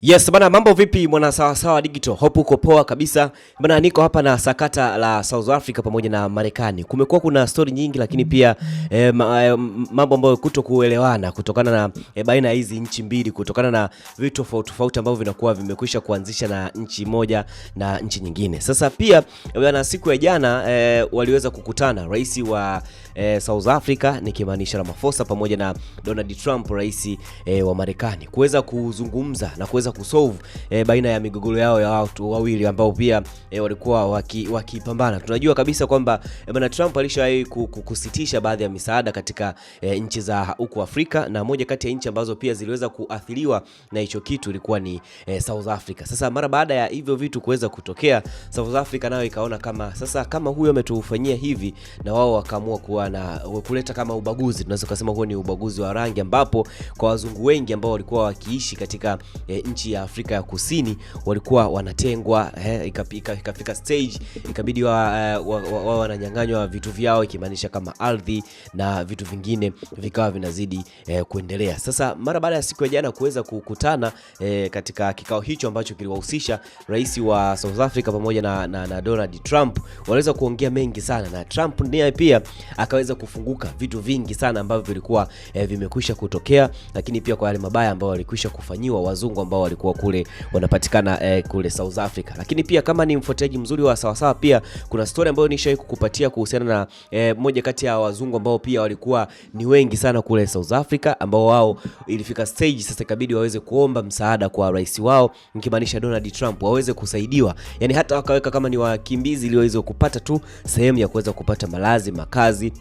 Yes bana, mambo vipi mwana sawa sawa digital? Hope uko poa kabisa bana. Niko hapa na sakata la South Africa pamoja na Marekani. Kumekuwa kuna story nyingi, lakini pia eh, ma, eh, mambo ambayo kuto kuelewana kutokana na eh, baina ya hizi nchi mbili, kutokana na vitu tofauti tofauti ambavyo vinakuwa vimekwisha kuanzisha na nchi moja na nchi nyingine. Sasa pia bana, siku ya jana eh, waliweza kukutana rais wa eh, South Africa nikimaanisha Ramaphosa pamoja na Donald Trump rais eh, wa Marekani kuweza kuzungumza na kuweza kusolve eh, baina ya migogoro yao ya watu wawili ambao pia eh, walikuwa wakipambana waki. Tunajua kabisa kwamba eh, bwana Trump alishawahi kusitisha baadhi ya misaada katika eh, nchi za huko Afrika, na moja kati ya nchi ambazo pia ziliweza kuathiriwa na hicho kitu ilikuwa ni eh, South Africa. Sasa mara baada ya hivyo vitu kuweza kutokea, South Africa nayo ikaona kama sasa kama huyo ametufanyia hivi, na wao wakaamua kuwa na kuleta kama ubaguzi, tunaweza kusema huo ni ubaguzi wa rangi, ambapo kwa wazungu wengi ambao walikuwa wakiishi katika e, nchi ya Afrika ya Kusini walikuwa wanatengwa eh, ikapika, ikafika stage ikabidi wa, eh, wa, wa, wa wananyang'anywa vitu vyao ikimaanisha kama ardhi na vitu vingine vikawa vinazidi eh, kuendelea. Sasa mara baada ya siku ya jana kuweza kukutana eh, katika kikao hicho ambacho kiliwahusisha rais wa South Africa pamoja na, na, na Donald Trump waliweza kuongea mengi sana, na Trump ndiye pia akaweza kufunguka vitu vingi sana ambavyo vilikuwa eh, vimekwisha kutokea, lakini pia kwa yale mabaya ambayo walikwisha kufanyiwa wazungu ambao walikuwa kule wanapatikana eh, kule South Africa. Lakini pia kama ni mfuatiliaji mzuri wa sawasawa, pia kuna story ambayo nishawahi kukupatia kuhusiana na eh, moja kati ya wazungu ambao pia walikuwa ni wengi sana kule South Africa, ambao wao ilifika stage sasa ikabidi waweze kuomba msaada kwa rais wao, nikimaanisha Donald Trump, waweze kusaidiwa, yani hata wakaweka kama ni wakimbizi ili waweze kupata tu sehemu ya kuweza kupata malazi, makazi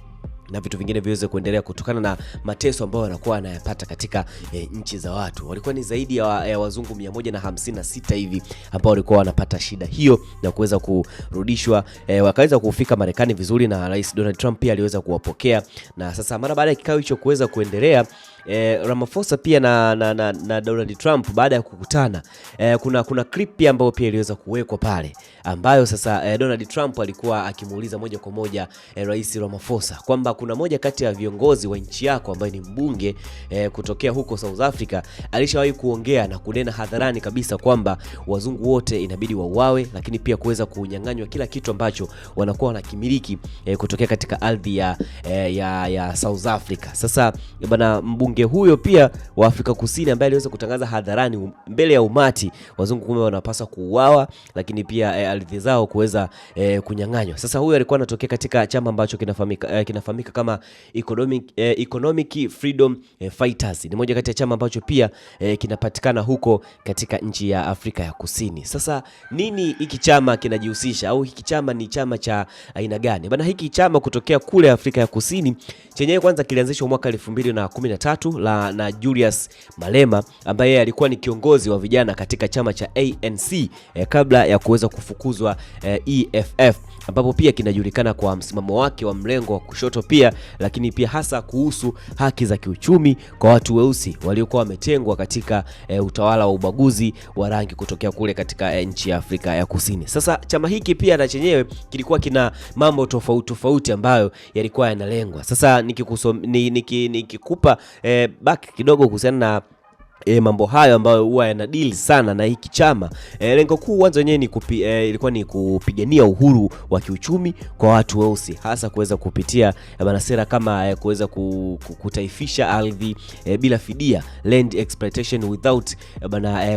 na vitu vingine viweze kuendelea kutokana na mateso ambayo wanakuwa wanayapata katika e, nchi za watu. Walikuwa ni zaidi ya, wa, ya wazungu 156 hivi ambao walikuwa wanapata shida hiyo na kuweza kurudishwa e, wakaweza kufika Marekani vizuri, na Rais Donald Trump pia aliweza kuwapokea, na sasa mara baada ya kikao hicho kuweza kuendelea eh, Ramaphosa pia na, na, na, na Donald Trump baada ya kukutana eh, kuna, kuna clip ambayo pia iliweza kuwekwa pale ambayo sasa eh, Donald Trump alikuwa akimuuliza moja kwa moja eh, Rais Ramaphosa kwamba kuna moja kati ya viongozi wa nchi yako ambaye ni mbunge eh, kutokea huko South Africa alishawahi kuongea na kunena hadharani kabisa kwamba wazungu wote inabidi wauawe, lakini pia kuweza kunyang'anywa kila kitu ambacho wanakuwa wanakimiliki eh, kutokea katika ardhi ya, eh, ya, ya South Africa. Sasa bana mbunge mbunge huyo pia wa Afrika Kusini ambaye aliweza kutangaza hadharani um, mbele ya umati wazungu kumbe wanapaswa kuuawa, lakini pia e, ardhi zao kuweza e, kunyang'anywa. Sasa huyo alikuwa anatokea katika chama ambacho kinafahamika e, eh, kinafahamika kama Economic, e, Economic Freedom Fighters. Ni moja kati ya chama ambacho pia e, kinapatikana huko katika nchi ya Afrika ya Kusini. Sasa nini hiki chama kinajihusisha au hiki chama ni chama cha aina gani? Bana hiki chama kutokea kule Afrika ya Kusini chenyewe kwanza kilianzishwa mwaka 2013 tatu la, na Julius Malema ambaye alikuwa ni kiongozi wa vijana katika chama cha ANC eh, kabla ya kuweza kufukuzwa eh, EFF ambapo pia kinajulikana kwa msimamo wake wa mlengo wa kushoto pia, lakini pia hasa kuhusu haki za kiuchumi kwa watu weusi waliokuwa wametengwa katika e, utawala wa ubaguzi wa rangi kutokea kule katika e, nchi ya Afrika ya Kusini. Sasa chama hiki pia na chenyewe kilikuwa kina mambo tofauti tofauti ambayo yalikuwa yanalengwa. Sasa nikikupa niki, niki e, back kidogo kuhusiana na E, mambo hayo ambayo huwa yana deal sana na hiki chama e, lengo kuu wanzo wenyewe ni kupi, e, ilikuwa ni kupigania uhuru wa kiuchumi kwa watu weusi hasa kuweza kupitia bana sera kama e, kuweza kutaifisha ardhi e, bila fidia land exploitation without bana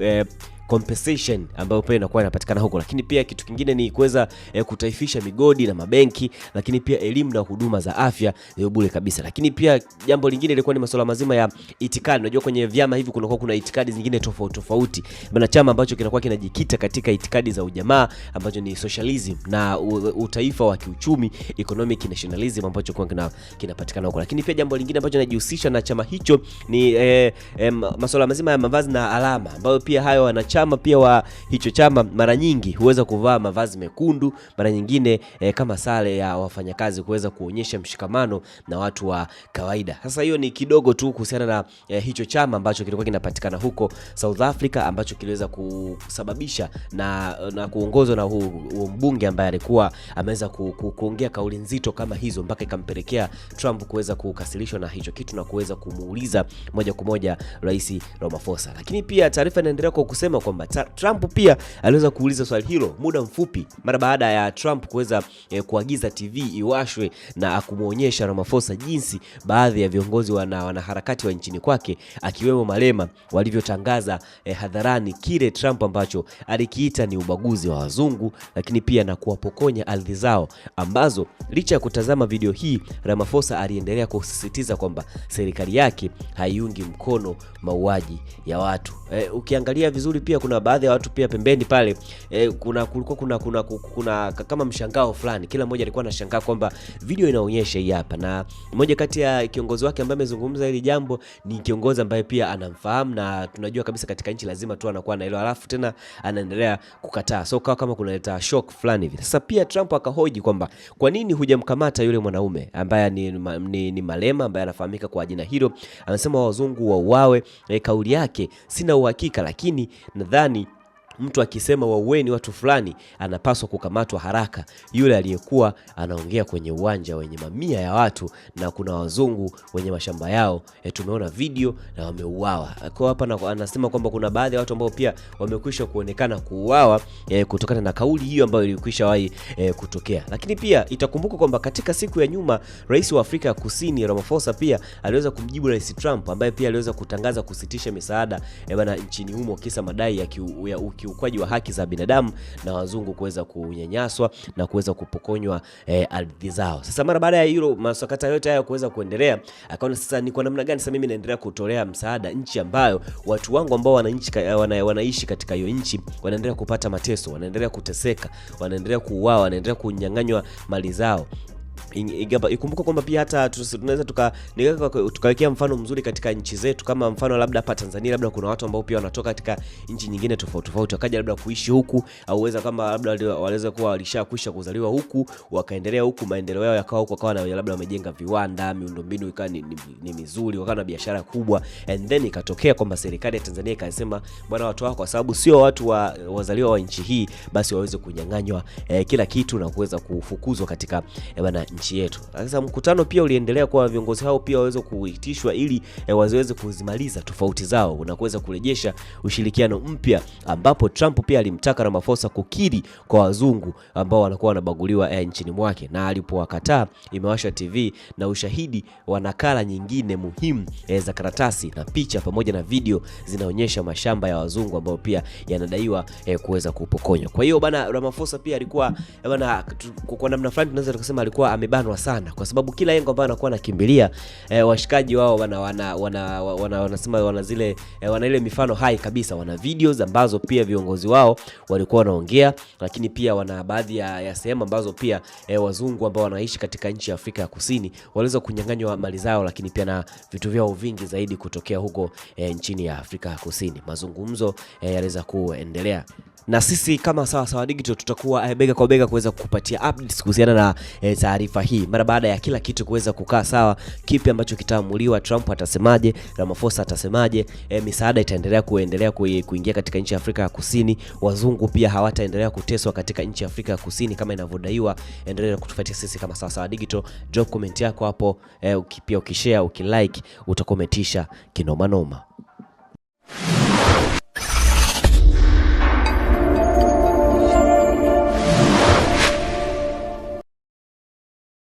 e, compensation ambayo pia inakuwa inapatikana huko, lakini pia kitu kingine ni kuweza eh, kutaifisha migodi na mabenki, lakini pia elimu na huduma za afya ni bure kabisa. Lakini pia jambo lingine lilikuwa ni masuala mazima ya itikadi. Unajua kwenye vyama hivi kunakuwa kuna itikadi zingine tofauti tofauti, bana chama ambacho kinakuwa kinajikita katika itikadi za ujamaa ambacho ni socialism na utaifa wa kiuchumi economic nationalism ambacho kwa kina kinapatikana huko. Lakini pia jambo lingine ambacho najihusisha na chama hicho ni eh, eh, masuala mazima ya mavazi na alama ambayo pia hayo wana wanachama pia wa hicho chama mara nyingi huweza kuvaa mavazi mekundu, mara nyingine e, kama sare ya wafanyakazi kuweza kuonyesha mshikamano na watu wa kawaida. Sasa hiyo ni kidogo tu kuhusiana na e, hicho chama ambacho kilikuwa kinapatikana huko South Africa ambacho kiliweza kusababisha na, na kuongozwa na huu mbunge ambaye alikuwa ameweza ku, ku, kuongea kauli nzito kama hizo mpaka ikampelekea Trump kuweza kukasirishwa na hicho kitu na kuweza kumuuliza moja kwa moja Rais Ramaphosa. Lakini pia taarifa inaendelea kwa kusema kwamba Trump pia aliweza kuuliza swali hilo muda mfupi mara baada ya Trump kuweza eh, kuagiza TV iwashwe na akumwonyesha Ramaphosa jinsi baadhi ya viongozi wana wanaharakati wa nchini kwake akiwemo Malema walivyotangaza eh, hadharani kile Trump ambacho alikiita ni ubaguzi wa wazungu, lakini pia na kuwapokonya ardhi zao ambazo licha ya kutazama video hii Ramaphosa aliendelea kusisitiza kwamba serikali yake haiungi mkono mauaji ya watu. Eh, ukiangalia vizuri pia pia kuna baadhi ya watu pia pembeni pale e, kuna kulikuwa kuna, kuna, kuna, kuna kama mshangao fulani, kila mmoja alikuwa anashangaa kwamba video inaonyesha hii hapa, na mmoja kati ya kiongozi wake ambaye amezungumza hili jambo ni kiongozi ambaye pia anamfahamu na tunajua kabisa katika nchi lazima tu anakuwa na hilo, alafu tena anaendelea kukataa, so kawa kama kunaleta shock fulani hivi. Sasa pia Trump akahoji kwamba kwa nini hujamkamata yule mwanaume ambaye ni, ni, ni Malema ambaye anafahamika kwa jina hilo, amesema wazungu wauawe. E, kauli yake sina uhakika, lakini na nadhani mtu akisema waueni watu fulani anapaswa kukamatwa haraka, yule aliyekuwa anaongea kwenye uwanja wenye mamia ya watu na kuna wazungu wenye mashamba yao. E, tumeona video na wameuawa. Kwa hapa anasema kwamba kuna baadhi ya watu ambao pia wamekwisha kuonekana kuuawa e, kutokana na kauli hiyo ambayo ilikwisha wahi e, kutokea. Lakini pia itakumbuka kwamba katika siku ya nyuma rais wa Afrika ya Kusini Ramaphosa pia aliweza kumjibu rais Trump ambaye pia aliweza kutangaza kusitisha misaada e, bana nchini humo kisa madai ya, ki, ya uki ukiukwaji wa haki za binadamu na wazungu kuweza kunyanyaswa na kuweza kupokonywa eh, ardhi zao. Sasa mara baada ya hilo masakata yote haya kuweza kuendelea, akaona sasa ni kwa namna gani sasa mimi naendelea kutolea msaada nchi ambayo watu wangu ambao wananchi eh, wana, wanaishi katika hiyo nchi wanaendelea kupata mateso, wanaendelea kuteseka, wanaendelea kuuawa, wanaendelea kunyang'anywa mali zao ikumbuka kwamba pia hata tunaweza tukawekea mfano mzuri katika nchi zetu, kama mfano labda hapa Tanzania, labda kuna watu ambao pia wanatoka katika nchi nyingine tofauti tofauti, wakaja labda kuishi huku, au weza kama labda waweza kuwa walishakwisha kuzaliwa huku, wakaendelea huku, maendeleo yao yakawa huku, wakawa labda wamejenga viwanda, miundombinu ikawa ni, ni, ni mizuri, wakawa na biashara kubwa, and then ikatokea kwamba serikali ya Tanzania ikasema, bwana, watu hao kwa sababu sio watu wa, wazaliwa wa nchi hii, basi waweze kunyang'anywa eh, kila kitu na kuweza kufukuzwa katika eh, bana, nchi yetu. Sasa mkutano pia uliendelea kwa viongozi hao pia waweze kuitishwa ili e, eh, waziweze kuzimaliza tofauti zao na kuweza kurejesha ushirikiano mpya, ambapo Trump pia alimtaka Ramaphosa kukiri kwa wazungu ambao wanakuwa wanabaguliwa e, nchini mwake, na alipowakataa Imewasha TV na ushahidi wa nakala nyingine muhimu e, za karatasi na picha pamoja na video zinaonyesha mashamba ya wazungu ambayo pia yanadaiwa e, kuweza kupokonywa. Kwa hiyo bana Ramaphosa pia alikuwa bana, kwa namna fulani tunaweza tukasema alikuwa ame amebanwa sana, kwa sababu kila engo ambayo anakuwa anakimbilia eh, washikaji wao wana wana wana wana, wana zile eh, wana ile mifano hai kabisa, wana videos ambazo pia viongozi wao walikuwa wanaongea, lakini pia wana baadhi ya, ya sehemu ambazo pia eh, wazungu ambao wanaishi katika nchi ya Afrika ya Kusini waliweza kunyang'anywa mali zao, lakini pia na vitu vyao vingi zaidi kutokea huko eh, nchini ya Afrika ya Kusini. Mazungumzo eh, yaliweza kuendelea na sisi kama Sawasawa Digital tutakuwa eh, bega kwa bega kuweza kukupatia updates kuhusiana na eh, taarifa hii mara baada ya kila kitu kuweza kukaa sawa, kipi ambacho kitaamuliwa, Trump atasemaje, Ramaphosa atasemaje, eh, misaada itaendelea kuendelea kuingia katika nchi ya Afrika ya Kusini, wazungu pia hawataendelea kuteswa katika nchi ya Afrika ya Kusini kama inavyodaiwa. Endelea kutufuatia sisi kama Sawasawa Digital, drop comment yako hapo eh, pia ukishare ukilike utakometisha kinomanoma.